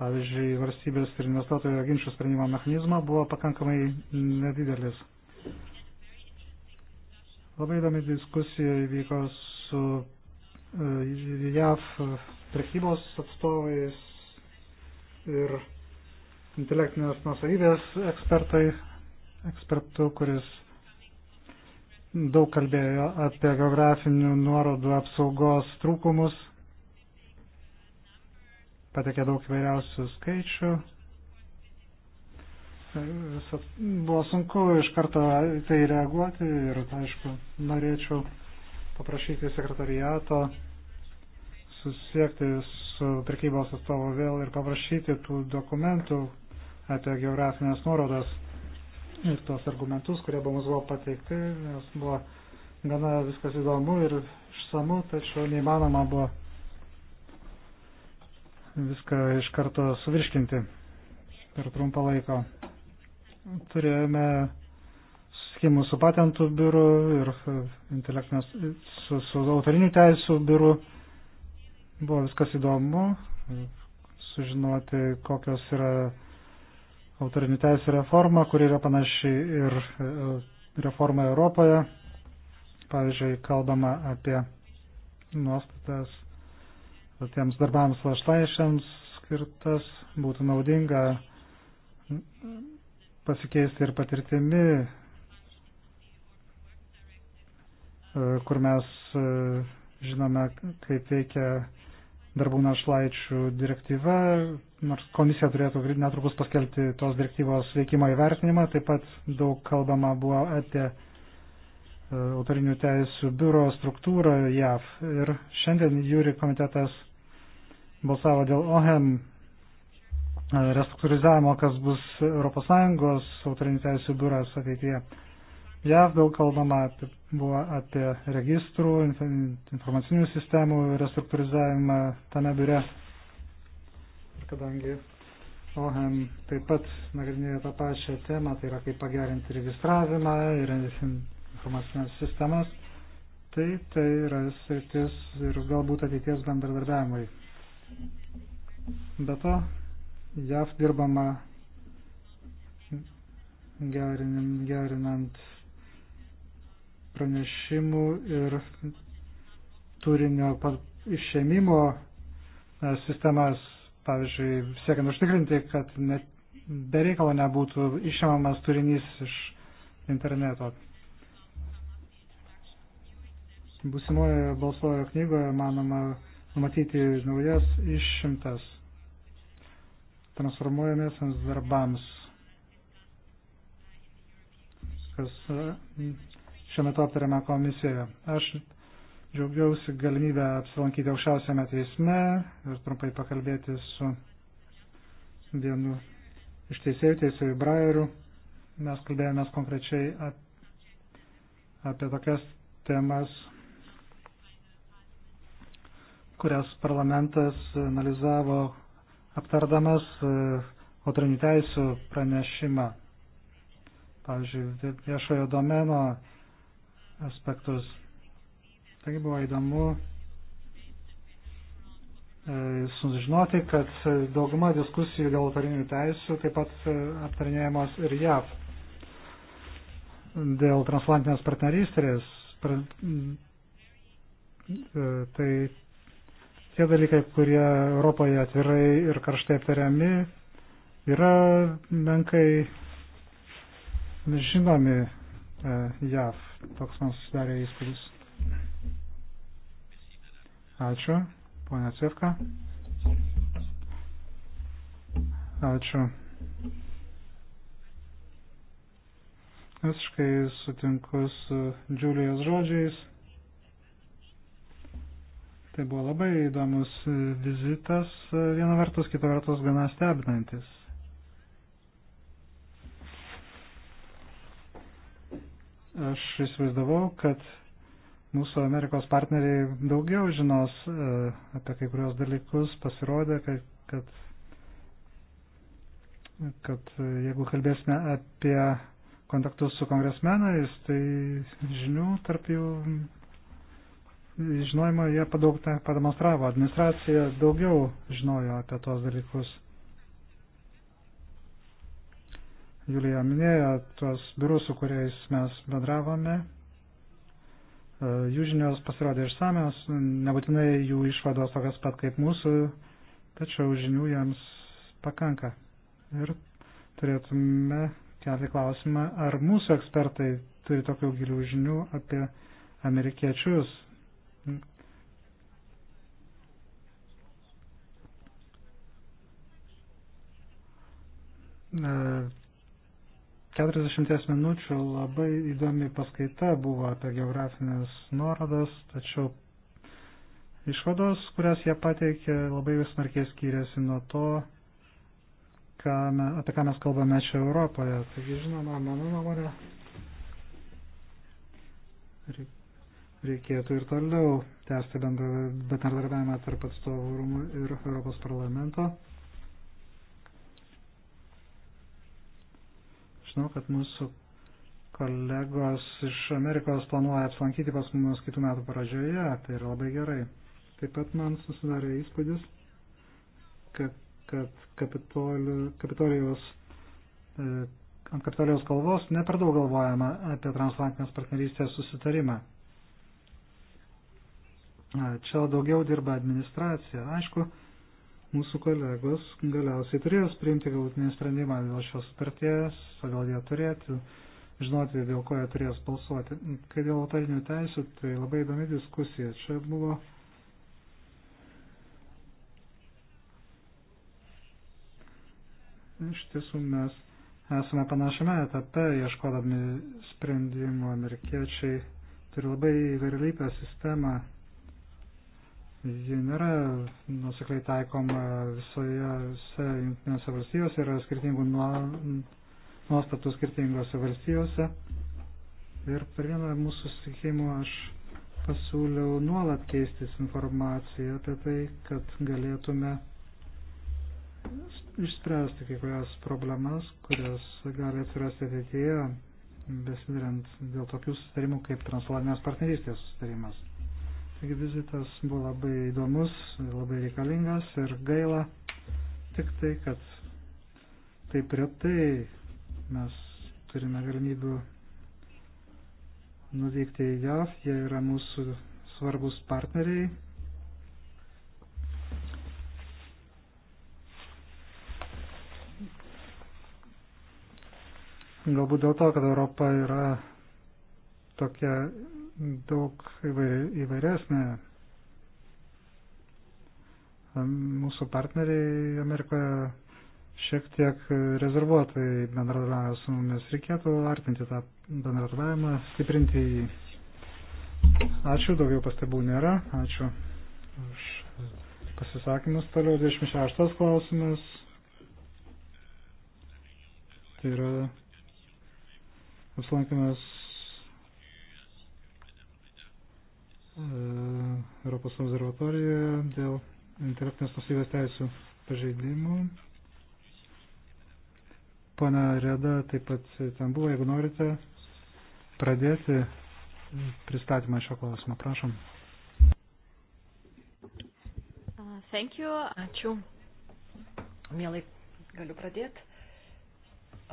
pavyzdžiui, valstybės ir investuotojo ginčių sprendimo mechanizmą buvo pakankamai nedidelis. Labai įdomi diskusija įvyko su e, JAV prekybos atstovais ir intelektinės nusavybės ekspertai, ekspertų, kuris daug kalbėjo apie geografinių nuorodų apsaugos trūkumus, patekė daug vairiausių skaičių, Buvo sunku iš karto tai reaguoti ir, aišku, norėčiau paprašyti sekretariato susiekti su prekybos atstovu vėl ir paprašyti tų dokumentų apie geografinės nuorodas ir tos argumentus, kurie mums buvo pateikti, nes buvo gana viskas įdomu ir išsamu, tačiau neįmanoma buvo viską iš karto suvirškinti per trumpą laiką turėjome susitikimų su patentų biuru ir intelektinės su, su autorinių teisų biuru. Buvo viskas įdomu sužinoti, kokios yra autorinių teisų reforma, kuri yra panaši ir e, reforma Europoje. Pavyzdžiui, kalbama apie nuostatas tiems darbams lašlaišiams skirtas, būtų naudinga pasikeisti ir patirtimi, e, kur mes e, žinome, kaip veikia darbų našlaičių direktyva, nors komisija turėtų netrukus paskelbti tos direktyvos veikimo įvertinimą, taip pat daug kalbama buvo apie e, autorinių teisų biuro struktūrą JAV. Ir šiandien jūri komitetas balsavo dėl OHEM restruktūrizavimo, kas bus ES autorinių teisų biuras ateityje. JAV daug kalbama apie, buvo apie registrų, informacinių sistemų restruktūrizavimą tame biure. Ir kadangi OHM e taip pat nagrinėjo tą pačią temą, tai yra kaip pagerinti registravimą ir informacinės sistemas, tai tai yra sritis ir galbūt ateities bendradarbiavimai. Be to, JAV dirbama gerinant, gerinant pranešimų ir turinio išėmimo e, sistemas, pavyzdžiui, siekiant užtikrinti, kad net bereikalo nebūtų išėmamas turinys iš interneto. Būsimoje balsuojo knygoje manoma numatyti naujas išimtas transformuojamės darbams, kas e, šiuo metu aptariame komisijoje. Aš džiaugiausi galimybę apsilankyti aukščiausiame teisme ir trumpai pakalbėti su vienu iš teisėjų, teisėjų Brairių. Mes kalbėjomės konkrečiai apie tokias temas, kurias parlamentas analizavo aptardamas e, autorinių teisų pranešimą. Pavyzdžiui, viešojo domeno aspektus. Taigi buvo įdomu e, sužinoti, kad dauguma diskusijų dėl autorinių teisų taip pat e, aptarinėjamos ir JAV. Dėl transatlantinės partnerystės tai tie dalykai, kurie Europoje atvirai ir karštai aptariami, yra menkai žinomi e, JAV. Toks man susidarė įspūdis. Ačiū, ponia Cevka. Ačiū. Visiškai sutinku su Džiulijos žodžiais. Tai buvo labai įdomus vizitas, viena vertus, kita vertus gana stebinantis. Aš įsivaizdavau, kad mūsų Amerikos partneriai daugiau žinos e, apie kai kurios dalykus, pasirodė, kad, kad, kad e, jeigu kalbėsime apie kontaktus su kongresmenais, tai žinių tarp jų žinojimą jie padaug pademonstravo. Administracija daugiau žinojo apie tos dalykus. Julija minėjo tuos biurus, su kuriais mes bendravome. E, jų žinios pasirodė išsamios, nebūtinai jų išvados tokias pat kaip mūsų, tačiau žinių jiems pakanka. Ir turėtume kelti klausimą, ar mūsų ekspertai turi tokių gilių žinių apie amerikiečius, 40 e, minučių labai įdomi paskaita buvo apie geografinės nuorodas, tačiau išvados, kurias jie pateikė, labai smarkiai skiriasi nuo to, ką me, apie ką mes kalbame čia Europoje. Taigi, žinoma, mano nuomonė, reikėtų ir toliau tęsti bendradarbiavimą tarp atstovų rūmų ir Europos parlamento. Žinau, kad mūsų kolegos iš Amerikos planuoja apsilankyti pas mus kitų metų pradžioje, tai yra labai gerai. Taip pat man susidarė įspūdis, kad, kad kapitolijos, e, ant kapitolijos kalvos ne per daug galvojama apie transatlantinės partnerystės susitarimą. E, čia daugiau dirba administracija. Aišku, mūsų kolegos galiausiai turės priimti galutinį sprendimą dėl šios sutarties, todėl jie turėtų žinoti, dėl ko jie turės balsuoti. Kai dėl autorinių teisų, tai labai įdomi diskusija. Čia buvo iš tiesų mes esame panašiame etape, ieškodami sprendimų amerikiečiai turi labai įvairialypę sistemą ji nėra nusikliai taikoma visoje jungtinėse valstijose, yra skirtingų nuostatų skirtingose valstijose. Ir per vieną mūsų susitikimų aš pasiūliau nuolat keistis informaciją apie tai, kad galėtume išspręsti kai kurias problemas, kurios gali atsirasti ateityje, besidariant dėl tokių sustarimų kaip transatlantinės partnerystės sustarimas. Taigi vizitas buvo labai įdomus, labai reikalingas ir gaila tik tai, kad taip retai mes turime galimybių nuvykti į JAV, jie yra mūsų svarbus partneriai. Galbūt dėl to, kad Europa yra tokia daug įvairesnė. Mūsų partneriai Amerikoje šiek tiek rezervuotai bendradarbiavę su mumis. Reikėtų artinti tą bendradarbiavimą, stiprinti jį. Ačiū, daugiau pastabų nėra. Ačiū už pasisakymus. Toliau 26 klausimas. Tai yra apsilankimas E, Europos observatorijoje dėl intelektinės nusivės teisų pažeidimų. Pana Reda taip pat ten buvo, jeigu norite pradėti pristatymą šio klausimo. Prašom. Uh, thank you. Ačiū. Mielai, galiu pradėti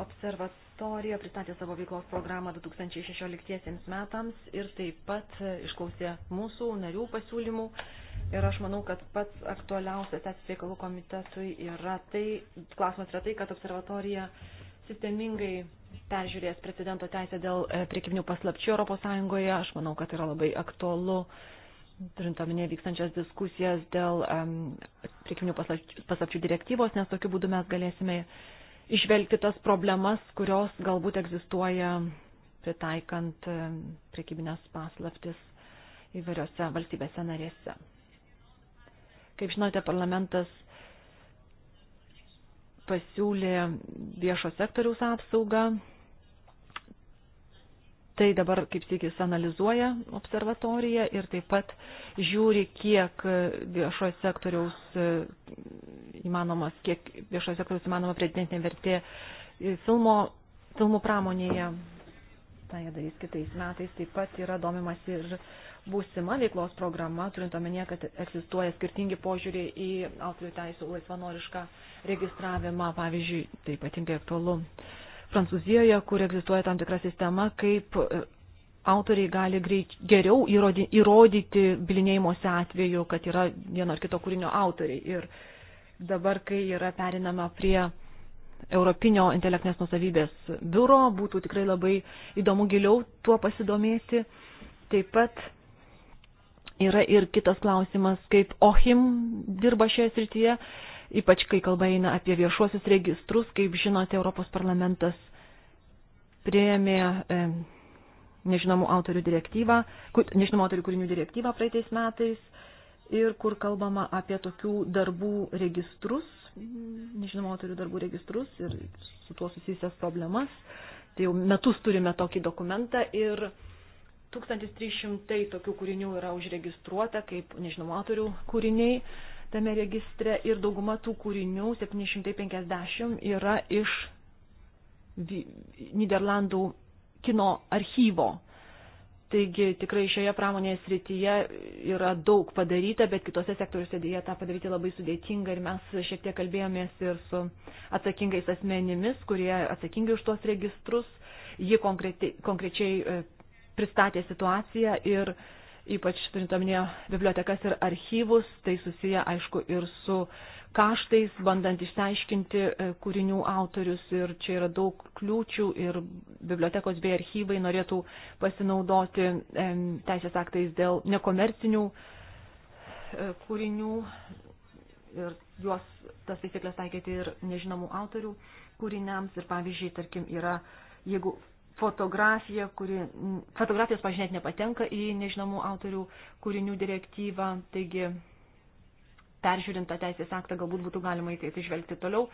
observatorija pristatė savo veiklos programą 2016 metams ir taip pat išklausė mūsų narių pasiūlymų. Ir aš manau, kad pats aktualiausias teisės reikalų komitetui yra tai, klausimas yra tai, kad observatorija sistemingai peržiūrės precedento teisę dėl e, priekybinių paslapčių ES. Aš manau, kad yra labai aktualu, turint omenyje vykstančias diskusijas dėl um, priekybinių paslapčių direktyvos, nes tokiu būdu mes galėsime išvelgti tas problemas, kurios galbūt egzistuoja pritaikant e, priekybinės paslaptis įvairiose valstybėse narėse. Kaip žinote, parlamentas pasiūlė viešo sektoriaus apsaugą Tai dabar, kaip sėkis, analizuoja observatoriją ir taip pat žiūri, kiek viešojo sektoriaus e, įmanomas, kiek viešojo sektoriaus įmanoma prezidentinė vertė e, filmo, filmų pramonėje. Tai jie darys kitais metais. Taip pat yra domimas ir būsima veiklos programa, turint omenyje, kad egzistuoja skirtingi požiūriai į autorių teisų laisvanorišką registravimą, pavyzdžiui, tai ypatingai aktualu Prancūzijoje, kur egzistuoja tam tikra sistema, kaip e, autoriai gali greit, geriau įrodi, įrodyti bilinėjimuose atveju, kad yra vieno ar kito kūrinio autoriai. Ir dabar, kai yra perinama prie Europinio intelektinės nusavybės biuro, būtų tikrai labai įdomu giliau tuo pasidomėti. Taip pat yra ir kitas klausimas, kaip OHIM dirba šioje srityje ypač kai kalba eina apie viešuosius registrus, kaip žinote, Europos parlamentas prieėmė e, nežinomų autorių direktyvą, nežinomų autorių kūrinių direktyvą praeitais metais ir kur kalbama apie tokių darbų registrus, nežinomų autorių darbų registrus ir su tuo susijusias problemas. Tai jau metus turime tokį dokumentą ir 1300 tokių kūrinių yra užregistruota kaip nežinomų autorių kūriniai tame registre ir dauguma tų kūrinių, 750, yra iš Niderlandų kino archyvo. Taigi tikrai šioje pramonės srityje yra daug padaryta, bet kitose sektoriuose dėja tą padaryti labai sudėtinga ir mes šiek tiek kalbėjomės ir su atsakingais asmenimis, kurie atsakingi už tuos registrus. Ji konkrečiai e, pristatė situaciją ir uh, ypač turint omenyje bibliotekas ir archyvus, tai susiję aišku ir su kaštais, bandant išsiaiškinti e, kūrinių autorius ir čia yra daug kliūčių ir bibliotekos bei archyvai norėtų pasinaudoti e, teisės aktais dėl nekomercinių e, kūrinių ir juos tas taisyklės taikyti ir nežinomų autorių kūriniams ir pavyzdžiui, tarkim, yra, jeigu fotografija, kuri, fotografijos pažinėt nepatenka į nežinomų autorių kūrinių direktyvą, taigi peržiūrintą teisės aktą galbūt būtų galima į tai atsižvelgti toliau.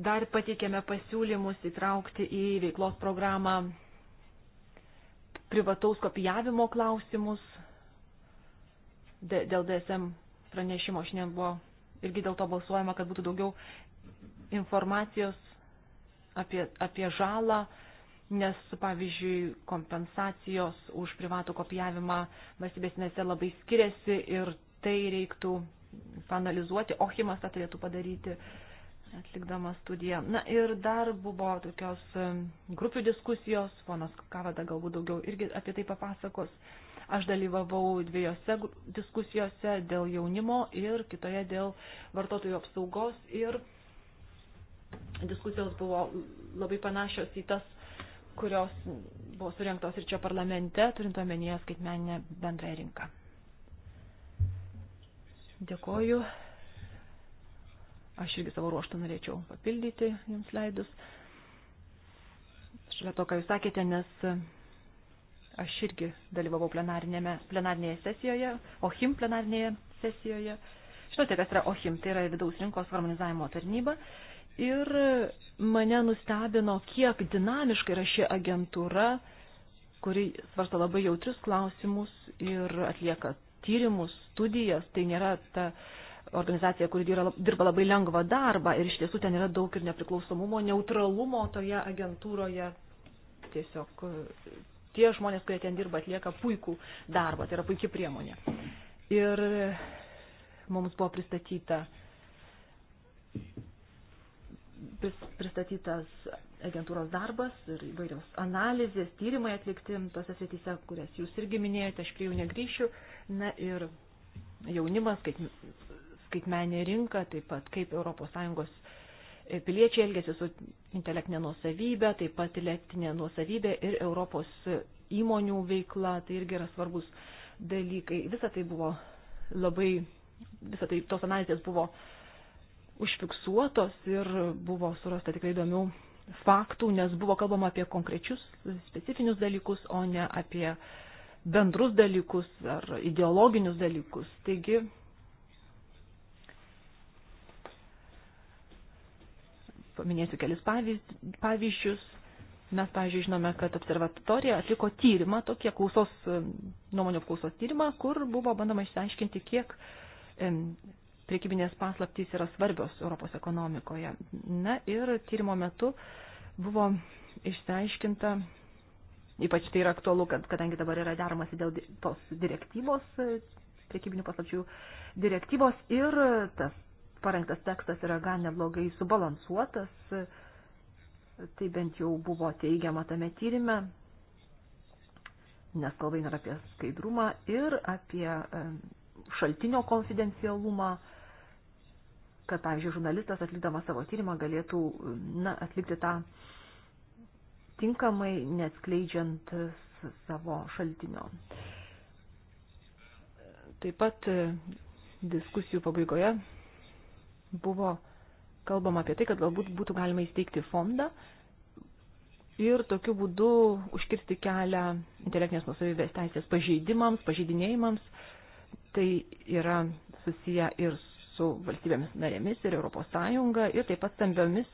Dar pateikėme pasiūlymus įtraukti į veiklos programą privataus kopijavimo klausimus. Dėl DSM pranešimo šiandien buvo irgi dėl to balsuojama, kad būtų daugiau informacijos apie, apie žalą nes, pavyzdžiui, kompensacijos už privatų kopijavimą valstybės nese labai skiriasi ir tai reiktų panalizuoti, Ohimas tą turėtų padaryti, atlikdamas studiją. Na ir dar buvo tokios grupių diskusijos, ponas Kavada galbūt daugiau irgi apie tai papasakos. Aš dalyvavau dviejose diskusijose dėl jaunimo ir kitoje dėl vartotojų apsaugos ir diskusijos buvo labai panašios į tas kurios buvo surinktos ir čia parlamente, turint omenyje skaitmeninę bendrąją rinką. Dėkoju. Aš irgi savo ruoštą norėčiau papildyti jums leidus. Šalia to, ką jūs sakėte, nes aš irgi dalyvavau plenarinėje sesijoje, OHIM plenarinėje sesijoje. Žinote, kas yra OHIM, tai yra vidaus rinkos harmonizavimo tarnyba. Ir mane nustebino, kiek dinamiškai yra ši agentūra, kuri svarsto labai jautrius klausimus ir atlieka tyrimus, studijas. Tai nėra ta organizacija, kuri dirba labai lengvą darbą ir iš tiesų ten yra daug ir nepriklausomumo, neutralumo toje agentūroje. Tiesiog e, tie žmonės, kurie ten dirba, atlieka puikų darbą, tai yra puikia priemonė. Ir mums buvo pristatyta pristatytas agentūros darbas ir įvairios analizės, tyrimai atlikti tose srityse, kurias jūs irgi minėjote, aš prie jų negryšiu. Na ir jaunimas, kaip skaitmenė rinka, taip pat kaip ES piliečiai elgesi su intelektinė nuosavybė, taip pat intelektinė nuosavybė ir Europos įmonių veikla, tai irgi yra svarbus dalykai. Visa tai buvo labai, visa tai tos analizės buvo uh, užfiksuotos ir buvo surasta tikrai įdomių faktų, nes buvo kalbama apie konkrečius specifinius dalykus, o ne apie bendrus dalykus ar ideologinius dalykus. Taigi, paminėsiu kelis pavyzdžius. Mes, pavyzdžiui, žinome, kad observatorija atliko tyrimą, tokie klausos, nuomonio klausos tyrimą, kur buvo bandoma išsiaiškinti, kiek priekybinės paslaptys yra svarbios Europos ekonomikoje. Na ir tyrimo metu buvo išsiaiškinta, ypač tai yra aktualu, kad, kadangi dabar yra deramasi dėl tos direktyvos, priekybinių paslapčių direktyvos ir tas parengtas tekstas yra gan neblogai subalansuotas, tai bent jau buvo teigiama tame tyrime, nes kalba eina apie skaidrumą ir apie šaltinio konfidencialumą, kad, pavyzdžiui, žurnalistas atlikdamas savo tyrimą galėtų na, atlikti tą tinkamai, neatskleidžiant savo šaltinio. Taip pat e, diskusijų pabaigoje buvo kalbama apie tai, kad galbūt būtų galima įsteigti fondą ir tokiu būdu užkirsti kelią intelektinės nusavybės teisės pažeidimams, pažeidinėjimams. Tai yra susiję ir su valstybėmis narėmis ir ES ir taip pat stambiomis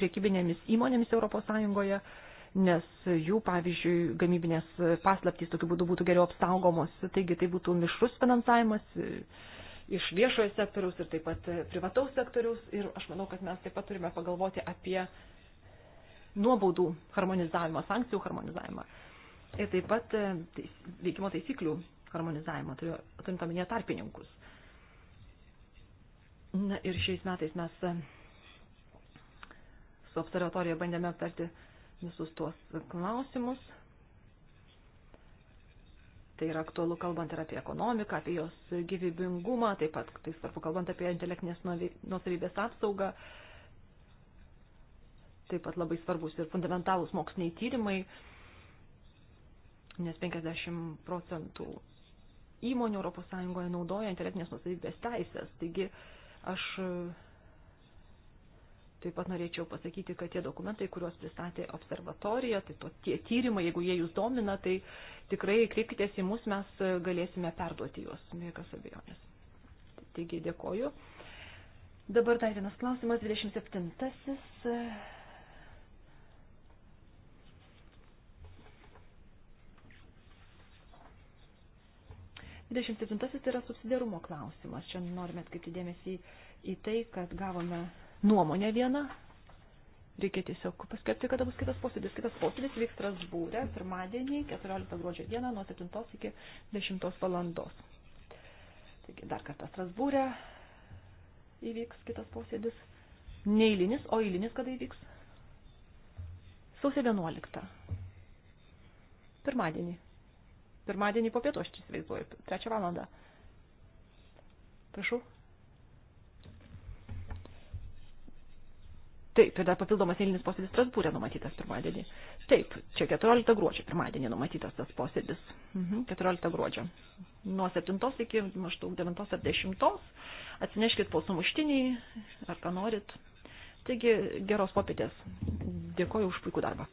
priekybinėmis įmonėmis ES, nes jų, pavyzdžiui, gamybinės paslaptys tokiu būdu būtų geriau apsaugomos, taigi tai būtų mišrus finansavimas iš viešojo sektoriaus ir taip pat privataus sektoriaus ir aš manau, kad mes taip pat turime pagalvoti apie nuobaudų harmonizavimą, sankcijų harmonizavimą ir taip pat teis, veikimo taisyklių harmonizavimą, turint omenyje tarpininkus. Na ir šiais metais mes su observatorija bandėme aptarti visus tuos klausimus. Tai yra aktualu kalbant ir apie ekonomiką, apie jos gyvybingumą, taip pat tai svarbu kalbant apie intelektinės nuosavybės apsaugą. Taip pat labai svarbus ir fundamentalūs moksliniai tyrimai, nes 50 procentų įmonių ES naudoja intelektinės nuosavybės teisės. Taigi, uh, Aš e, taip pat norėčiau pasakyti, kad tie dokumentai, kuriuos pristatė observatorija, taip pat tie tyrimai, jeigu jie jūs domina, tai tikrai kreipkitės į mus, mes e, galėsime perduoti juos, niekas abejonės. Taigi dėkoju. Dabar dar vienas klausimas, 27. 27 tai yra subsidiarumo klausimas. Čia norime atkreipti dėmesį į tai, kad gavome nuomonę vieną. Reikia tiesiog paskelbti, kada bus kitas posėdis. Kitas posėdis vyks Strasbūrė pirmadienį, 14 gruodžio dieną, nuo 7 iki 10 valandos. Taigi dar kartą Strasbūrė įvyks kitas posėdis. Neįlinis, o įlinis kada įvyks? Sausio 11. Pirmadienį. Pirmadienį po pietų aš čia įsivaizduoju, trečią valandą. Prašau. Taip, ir dar papildomas eilinis posėdis Strasbūrė numatytas pirmadienį. Taip, čia 14 gruodžio pirmadienį numatytas tas posėdis. Mhm, 14 gruodžio. Nuo 7 iki maždaug 9 ar 10 atsineškit po sumuštinį ar ką norit. Taigi, geros popietės. Dėkoju už puikų darbą.